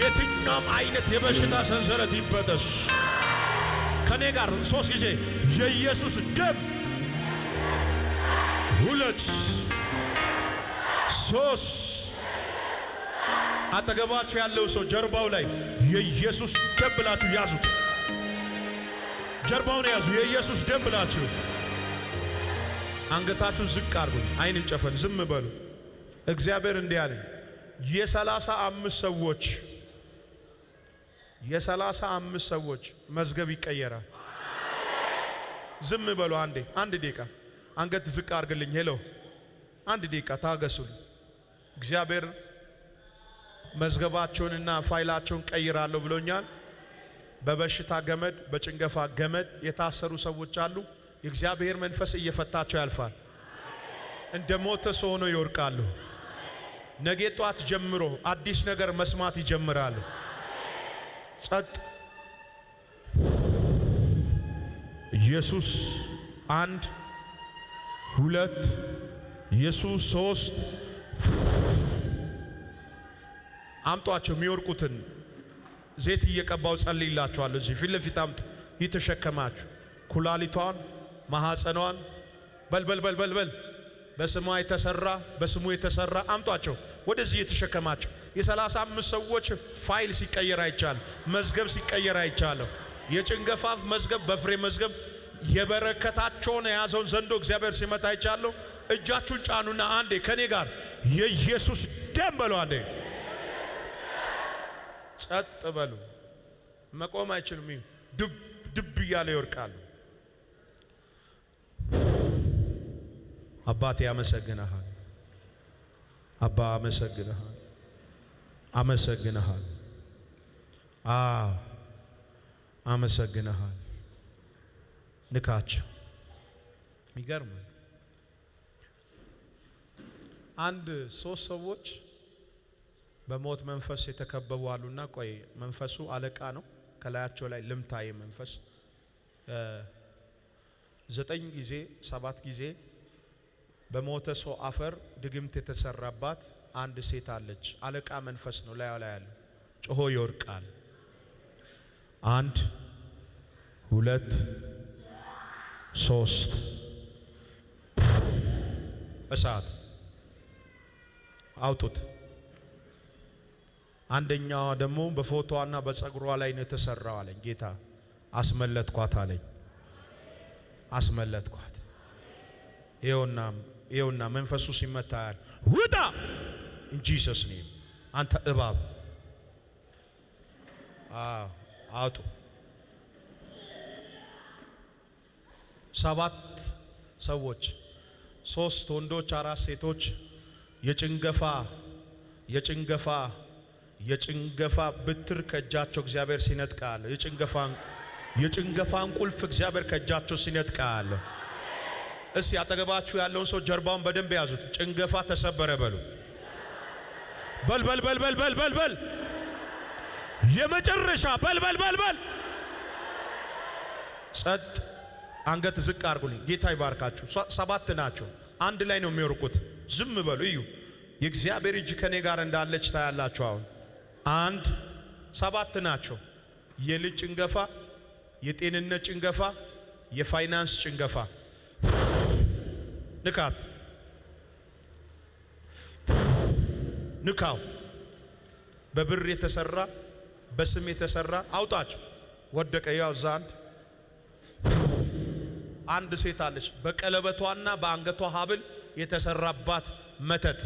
የትኛውም አይነት የበሽታ ሰንሰለት ይበጠስ። ከኔ ጋር ሶስት ጊዜ የኢየሱስ ደም። ሁለት ሶስት። አጠገባችሁ ያለው ሰው ጀርባው ላይ የኢየሱስ ደም ብላችሁ ያዙ። ጀርባውን ያዙ። የኢየሱስ ደም ብላችሁ አንገታችሁን ዝቅ አርጉ። አይን ጨፈን ዝም በሉ። እግዚአብሔር እንዲህ አለኝ የሰላሳ አምስት ሰዎች የሰላሳ አምስት ሰዎች መዝገብ ይቀየራል። ዝም በሉ አንዴ፣ አንድ ደቂቃ አንገት ዝቅ አድርግልኝ። ሄሎ፣ አንድ ደቂቃ ታገሱል። እግዚአብሔር መዝገባቸውንና ፋይላቸውን ቀይራለሁ ብሎኛል። በበሽታ ገመድ፣ በጭንገፋ ገመድ የታሰሩ ሰዎች አሉ። የእግዚአብሔር መንፈስ እየፈታቸው ያልፋል። እንደ ሞተ ሰው ሆነው ይወርቃሉ። ነገ ጧት ጀምሮ አዲስ ነገር መስማት ይጀምራሉ። ጸጥ። ኢየሱስ አንድ ሁለት፣ ኢየሱስ ሶስት። አምጧቸው የሚወርቁትን ዘይት እየቀባው ጸልይላችኋለሁ። እዚህ ፊት ለፊት አምጡ። ይተሸከማችሁ ኩላሊቷን ማሐፀኗን በል በስሟ የተሰራ በስሙ የተሰራ አምጧቸው ወደዚህ የተሸከማቸው የሰላሳ አምስት ሰዎች ፋይል ሲቀየር አይቻለሁ። መዝገብ ሲቀየር አይቻለሁ። የጭንገፋፍ መዝገብ በፍሬ መዝገብ የበረከታቸውን የያዘውን ዘንዶ እግዚአብሔር ሲመታ አይቻለሁ። እጃችሁን ጫኑና አንዴ ከኔ ጋር የኢየሱስ ደም በሉ። አንዴ ጸጥ በሉ። መቆም አይችልም። ድብ ድብ እያለ ይወድቃሉ። አባቴ አመሰግንሃል። አባ አመሰግንሃል። አመሰግንሃል። አ አመሰግንሃል። ንካቸው። የሚገርም አንድ ሶስት ሰዎች በሞት መንፈስ የተከበቡ አሉና፣ ቆይ መንፈሱ አለቃ ነው። ከላያቸው ላይ ልምታዬ መንፈስ ዘጠኝ ጊዜ ሰባት ጊዜ በሞተ ሰው አፈር ድግምት የተሰራባት አንድ ሴት አለች። አለቃ መንፈስ ነው ላይ ላይ ያለው ጮሆ ይወርቃል። አንድ ሁለት ሶስት እሳት አውጡት። አንደኛዋ ደግሞ በፎቶዋና በጸጉሯ ላይ ነው የተሰራው አለኝ ጌታ። አስመለጥኳት አለኝ አስመለጥኳት። ይኸውና ይኸውና መንፈሱ ሲመታል ውጣ ኢንጂሰስ ኔም አንተ እባብ አውጡ ሰባት ሰዎች ሶስት ወንዶች አራት ሴቶች የጭንገፋ የጭንገፋ የጭንገፋ ብትር ከእጃቸው እግዚአብሔር ሲነጥቃል። የጭንገፋን የጭንገፋን ቁልፍ እግዚአብሔር ከእጃቸው ሲነጥቃል። እስቲ አጠገባችሁ ያለውን ሰው ጀርባውን በደንብ ያዙት። ጭንገፋ ተሰበረ በሉ። በል በል በል በል በል በል በል የመጨረሻ በል በል በል በል። ጸጥ፣ አንገት ዝቅ አድርጉልኝ። ጌታ ይባርካችሁ። ሰባት ናቸው፣ አንድ ላይ ነው የሚወርቁት። ዝም በሉ እዩ። የእግዚአብሔር እጅ ከኔ ጋር እንዳለች ታያላችሁ። አሁን አንድ ሰባት ናቸው። የልጅ ጭንገፋ፣ የጤንነት ጭንገፋ፣ የፋይናንስ ጭንገፋ ንካት፣ ንካው። በብር የተሰራ በስም የተሰራ አውጣቸው። ወደቀ። ያው እዛ አንድ አንድ ሴት አለች በቀለበቷና በአንገቷ ሀብል የተሰራባት መተት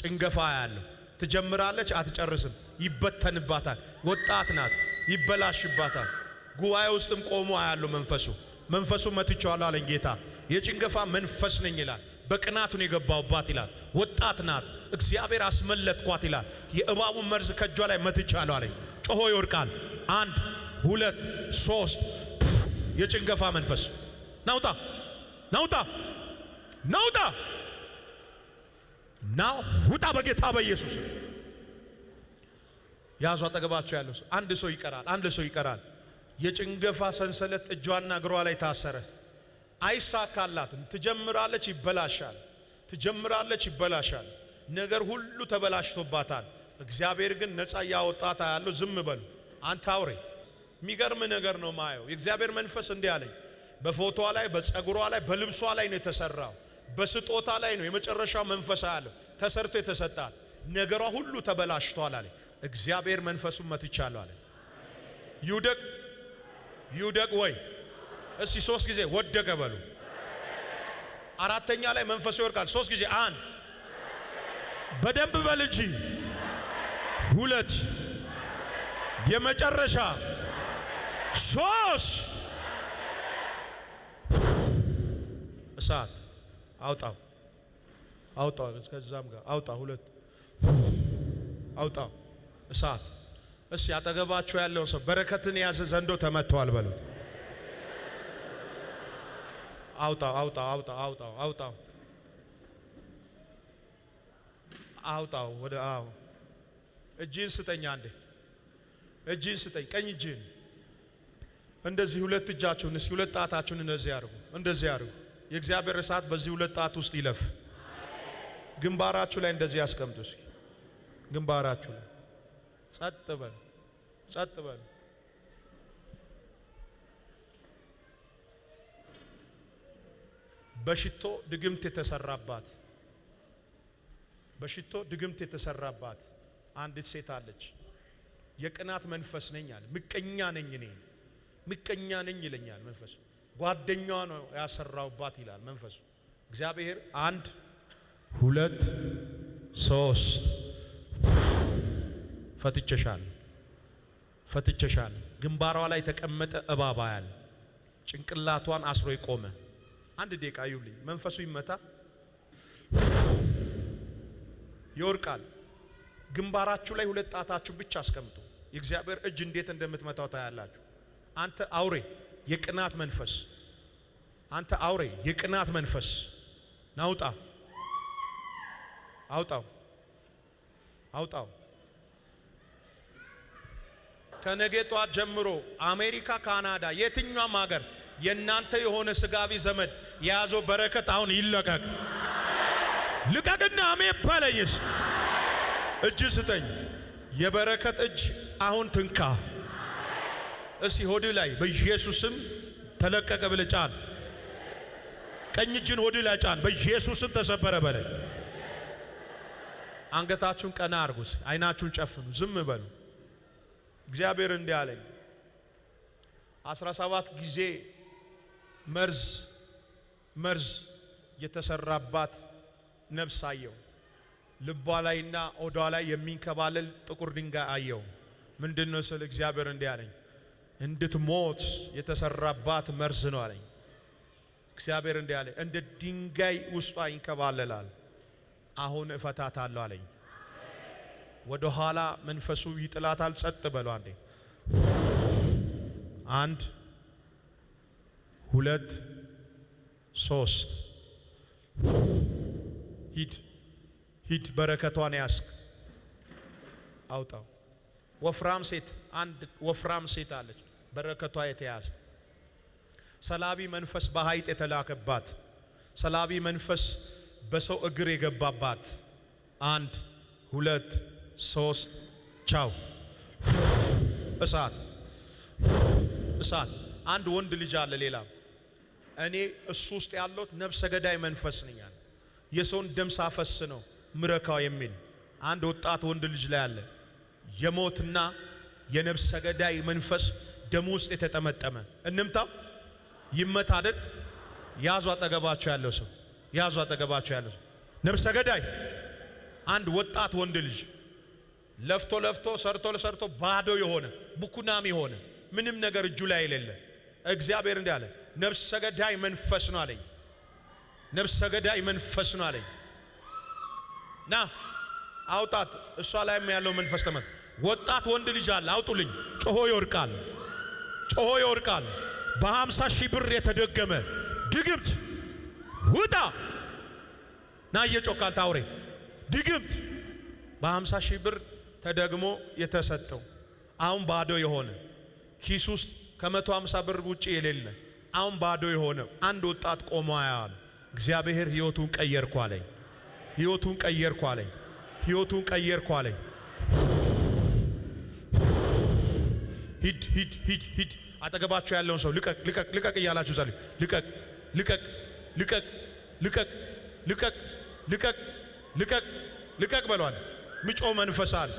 ጭንገፋ ያለው ትጀምራለች፣ አትጨርስም፣ ይበተንባታል። ወጣት ናት፣ ይበላሽባታል። ጉባኤ ውስጥም ቆሞ አያሉ መንፈሱ መንፈሱ መትቼዋለሁ አለኝ ጌታ። የጭንገፋ መንፈስ ነኝ ይላል። በቅናቱን የገባውባት ይላል። ወጣት ናት፣ እግዚአብሔር አስመለጥኳት ይላል። የእባቡን መርዝ ከእጇ ላይ መትቻለሁ አለኝ። ጮሆ ይወድቃል። አንድ ሁለት ሶስት። የጭንገፋ መንፈስ ናውጣ፣ ናውጣ፣ ናውጣ፣ ና ውጣ፣ በጌታ በኢየሱስ ያዙ። አጠገባቸው ያለው አንድ ሰው ይቀራል፣ አንድ ሰው ይቀራል። የጭንገፋ ሰንሰለት እጇና እግሯ ላይ ታሰረ። አይሳካላትም። ትጀምራለች፣ ይበላሻል። ትጀምራለች፣ ይበላሻል። ነገር ሁሉ ተበላሽቶባታል። እግዚአብሔር ግን ነፃ እያወጣታ ያለው ዝም በሉ አንተ አውሬ። የሚገርም ነገር ነው ማየው። የእግዚአብሔር መንፈስ እንዲህ አለኝ፣ በፎቶዋ ላይ፣ በፀጉሯ ላይ፣ በልብሷ ላይ ነው የተሰራው፣ በስጦታ ላይ ነው የመጨረሻው መንፈስ አለ ተሰርቶ የተሰጣት። ነገሯ ሁሉ ተበላሽቷል አለ እግዚአብሔር። መንፈሱን መትቻለሁ አለ። ይውደቅ ይውደቅ ወይ እስቲ ሶስት ጊዜ ወደቀ በሉ። አራተኛ ላይ መንፈሱ ይወርቃል። ሶስት ጊዜ አንድ፣ በደንብ በል እንጂ ሁለት፣ የመጨረሻ ሶስት። እሳት አውጣው፣ አውጣው፣ እስከዛም ጋር አውጣ፣ ሁለት አውጣ፣ እሳት። እስ ያጠገባችሁ ያለውን ሰው በረከትን የያዘ ዘንዶ ተመቷል በሉት። આવતા આવતા આવતા આવતા આવતા አውጣው ወደ አው እጅን ስጠኝ። አንዴ እጅን ስጠኝ፣ ቀኝ እጅን እንደዚህ። ሁለት እጃችሁን እስኪ ሁለት ጣታችሁን እንደዚህ አድርጉ፣ እንደዚህ አድርጉ። የእግዚአብሔር እሳት በዚህ ሁለት ጣት ውስጥ ይለፍ። ግንባራችሁ ላይ እንደዚህ ያስቀምጡ። እስኪ ግንባራችሁ ላይ ጸጥ በል፣ ጸጥ በል በሽቶ ድግምት የተሰራባት በሽቶ ድግምት የተሰራባት አንዲት ሴት አለች። የቅናት መንፈስ ነኝ አለ። ምቀኛ ነኝ እኔ ምቀኛ ነኝ ይለኛል መንፈሱ። ጓደኛዋ ነው ያሰራውባት ይላል መንፈሱ። እግዚአብሔር አንድ ሁለት ሶስት ፈትቸሻል፣ ፈትቸሻል። ግንባሯ ላይ ተቀመጠ እባባ ያለ ጭንቅላቷን አስሮ የቆመ አንድ ደቂቃ ይውልኝ፣ መንፈሱ ይመታ። ይወርቃል። ግንባራችሁ ላይ ሁለት ጣታችሁ ብቻ አስቀምጡ። የእግዚአብሔር እጅ እንዴት እንደምትመታው ታያላችሁ። አንተ አውሬ የቅናት መንፈስ፣ አንተ አውሬ የቅናት መንፈስ ናውጣ፣ አውጣው፣ አውጣው። ከነገ ጧት ጀምሮ አሜሪካ፣ ካናዳ፣ የትኛውም ሀገር የእናንተ የሆነ ስጋቢ ዘመድ የያዘው በረከት አሁን ይለቀቅ። ልቀቅና አሜ ባለኝስ እጅ ስጠኝ። የበረከት እጅ አሁን ትንካ። እስቲ ሆድ ላይ በኢየሱስም ተለቀቀ ብለህ ጫን። ቀኝ እጅን ሆድ ላይ ጫን። በኢየሱስም ተሰበረ በለ። አንገታችሁን ቀና አርጉስ፣ አይናችሁን ጨፍኑ። ዝም በሉ። እግዚአብሔር እንዲህ አለኝ አስራ ሰባት ጊዜ መርዝ መርዝ የተሰራባት ነፍስ አየው። ልቧ ላይና ሆዷ ላይ የሚንከባለል ጥቁር ድንጋይ አየው። ምንድን ነው ስል እግዚአብሔር እንዲህ አለኝ፣ እንድትሞት የተሰራባት መርዝ ነው አለኝ። እግዚአብሔር እንዲህ አለኝ፣ እንደ ድንጋይ ውስጧ ይንከባለላል። አሁን እፈታታለሁ አለኝ። ወደ ኋላ መንፈሱ ይጥላታል። ጸጥ በሉ አንዴ። አንድ ሁለት ሶስት ሂድ ሂድ፣ በረከቷን ያስክ አውጣው። ወፍራም ሴት አንድ ወፍራም ሴት አለች፣ በረከቷ የተያዘ ሰላቢ መንፈስ በሀይጥ የተላከባት ሰላቢ መንፈስ በሰው እግር የገባባት አንድ ሁለት ሶስት ቻው። እሳት እሳት። አንድ ወንድ ልጅ አለ ሌላ እኔ እሱ ውስጥ ያለሁት ነፍሰ ገዳይ መንፈስ ነኝ የሰውን ደም ሳፈስ ነው ምረካው የሚል አንድ ወጣት ወንድ ልጅ ላይ አለ። የሞትና የነፍሰ ገዳይ መንፈስ ደም ውስጥ የተጠመጠመ እንምታው ይመታደድ። ያዙ አጠገባቸው ያለው ሰው ያዙ አጠገባቸው ያለው ሰው ነፍሰ ገዳይ አንድ ወጣት ወንድ ልጅ ለፍቶ ለፍቶ ሰርቶ ለሰርቶ ባዶ የሆነ ቡኩናም የሆነ ምንም ነገር እጁ ላይ የሌለ እግዚአብሔር እንዲህ አለ ነፍሰ ገዳይ መንፈስ ነው አለኝ። ነፍሰ ገዳይ መንፈስ ነው አለኝ። ና አውጣት። እሷ ላይም ያለው መንፈስ ተመት ወጣት ወንድ ልጅ አለ። አውጡልኝ። ጮሆ ይወርቃል፣ ጮሆ ይወርቃል። በሀምሳ ሺህ ብር የተደገመ ድግምት ውጣ ና እየጮካል ታውሬ ድግምት በሀምሳ ሺህ ብር ተደግሞ የተሰጠው አሁን ባዶ የሆነ ኪስ ውስጥ ከመቶ ሃምሳ ብር ውጪ የሌለ አሁን ባዶ የሆነ አንድ ወጣት ቆሞ ያያል። እግዚአብሔር ህይወቱን ቀየርኩ አለኝ። ህይወቱን ቀየርኩ አለኝ። ህይወቱን ቀየርኩ አለኝ። ሂድ ሂድ ሂድ ሂድ። አጠገባችሁ ያለውን ሰው ልቀቅ ልቀቅ ልቀቅ እያላችሁ ጸልዩ። ልቀቅ ልቀቅ ልቀቅ ልቀቅ ልቀቅ ልቀቅ ልቀቅ ልቀቅ በሏል። የሚጮህ መንፈሳል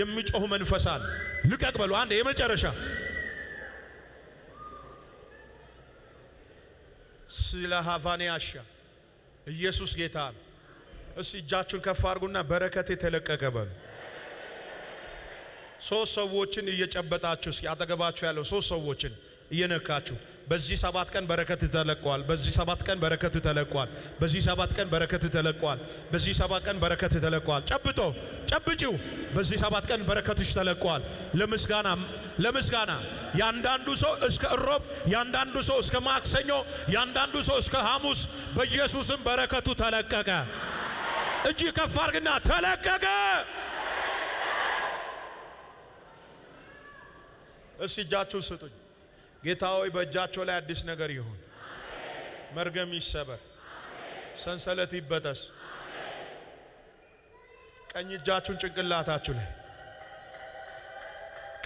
የሚጮህ መንፈሳል ልቀቅ በሉ። አንድ የመጨረሻ ስለ ሃቫንያሻ ኢየሱስ ጌታ ነው። እስቲ እጃችሁን ከፍ አድርጉና በረከት የተለቀቀ በሉ። ሶስት ሰዎችን እየጨበጣችሁ እስኪ አጠገባችሁ ያለው ሶስት ሰዎችን እየነካችሁ በዚህ ሰባት ቀን በረከት ተለቋል። በዚህ ሰባት ቀን በረከት ተለቋል። በዚህ ሰባት ቀን በረከት ተለቋል። በዚህ ሰባት ቀን በረከት ተለቋል። ጨብጦ ጨብጪው። በዚህ ሰባት ቀን በረከትሽ ተለቋል። ለምስጋና ለምስጋና ያንዳንዱ ሰው እስከ እሮብ፣ ያንዳንዱ ሰው እስከ ማክሰኞ፣ ያንዳንዱ ሰው እስከ ሐሙስ። በኢየሱስም በረከቱ ተለቀቀ። እጅ ከፍ አድርግና ተለቀቀ። እስቲ እጃችሁን ስጡኝ። ጌታ ሆይ በእጃቸው ላይ አዲስ ነገር ይሁን። መርገም ይሰበር፣ ሰንሰለት ይበጠስ። ቀኝ እጃችሁን ጭንቅላታችሁ ላይ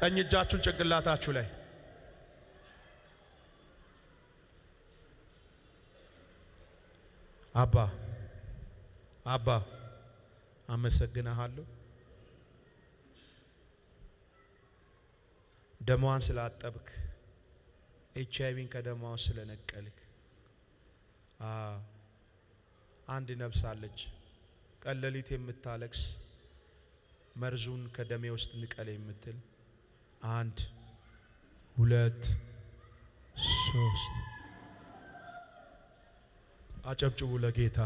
ቀኝ እጃችሁን ጭንቅላታችሁ ላይ አባ አባ አመሰግናሃለሁ ደሟን ስላጠብክ ኤች አይቪን ከደማው ስለነቀልክ። አንድ ነፍስ አለች ቀለሊት የምታለቅስ መርዙን ከደሜ ውስጥ ንቀል የምትል አንድ ሁለት ሶስት አጨብጭቡ ለጌታ።